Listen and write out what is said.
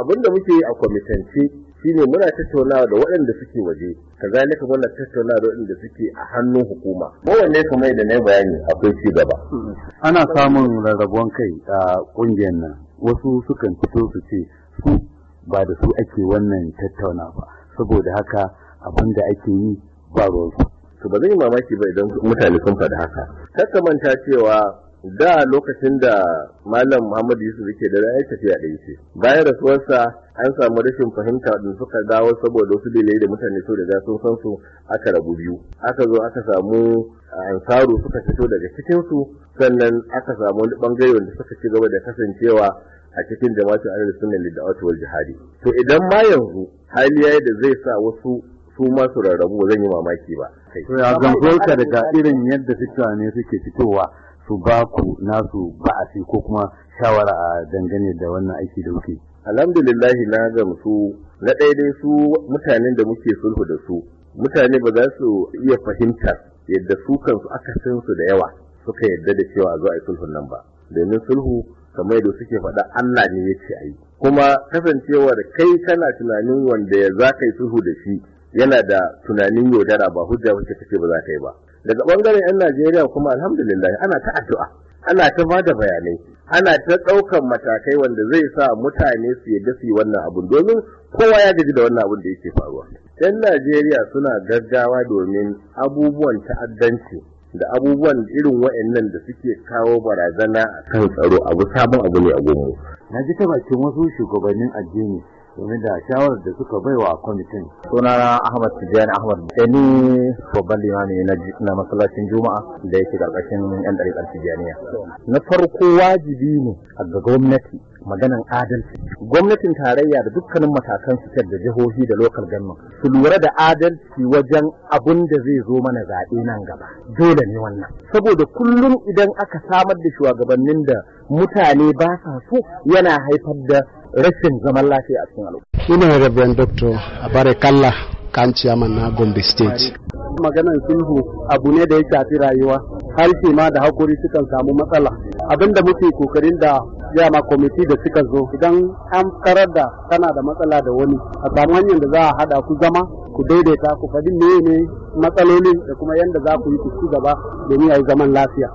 abin da muke yi a kwamitance shine muna tattaunawa da waɗanda suke waje kazalika muna tattaunawa da waɗanda suke a hannun hukuma kowanne kuma da na bayani akwai ci gaba ana samun rarrabuwan kai a ƙungiyar nan wasu sukan fito su ce su ba da su ake wannan tattauna ba saboda haka abin da ake yi ba ruwansu su ba zan yi mamaki ba idan mutane sun faɗi haka kar manta cewa da lokacin da malam muhammadu yusuf yake da ya tafiya ɗaya ce bayan rasuwarsa an samu rashin fahimta da suka dawo saboda wasu dalilai da mutane so da sun san su aka rabu biyu aka zo aka samu ansaru suka fito daga cikinsu sannan aka samu wani bangare wanda suka ci gaba da kasancewa a cikin jama'atu ahlus sunna lil da'wati wal jihadi to idan ma yanzu hali yayi da zai sa wasu su ma su rarrabu zan yi mamaki ba to ya zango ka daga irin yadda fitane suke fitowa su ba ku nasu ba'asi ko kuma shawara a dangane da wannan aiki da kuke alhamdulillahi na gamsu na ɗaya dai su mutanen da muke sulhu da su mutane ba za su iya fahimta yadda su kansu aka san su da yawa suka yadda da cewa zuwa zo a yi sulhun nan ba domin sulhu kamar yadda suke faɗa Allah ne ya ce a kuma kasancewar kai kana tunanin wanda za ka yi sulhu da shi yana da tunanin yaudara ba hujja wacce kake ba za ka yi ba daga bangaren yan najeriya kuma alhamdulillah ana ta addu'a ana ta bada bayanai ana ta ɗaukan matakai wanda zai sa mutane su yadda su yi wannan abun domin kowa ya gaji da wannan abun da yake faruwa yan najeriya suna gaggawa domin abubuwan ta'addanci da abubuwan irin wa'annan da suke kawo barazana a kan tsaro abu sabon abu ne a gunmu. Na ji ta bakin wasu shugabannin addini domin da shawarar da suka baiwa kwamitin sunana ahmad tijjani ahmad da ni babban limami na masallacin juma'a da yake karkashin yan ɗariƙar tijaniya na farko wajibi ne ga gwamnati maganan adalci gwamnatin tarayya da dukkanin matakan fitar da jihohi da lokal gannan su lura da adalci wajen abun da zai zo mana zaɓe nan gaba dole ne wannan saboda kullum idan aka samar da shugabannin da mutane ba sa so yana haifar da rashin zaman lafiya a cikin al'umma. Ina Reverend Dr. Abare Kalla kan ciyaman na Gombe State. Maganan sulhu abu ne da ya shafi rayuwa harshe ma da hakuri sukan samu matsala abin da muke kokarin da yama kwamiti da suka zo idan an karar da kana da matsala da wani a samu hanyar da za a hada ku zama ku daidaita ku faɗi ne matsaloli da kuma yadda za ku yi ku ci gaba domin a yi zaman lafiya.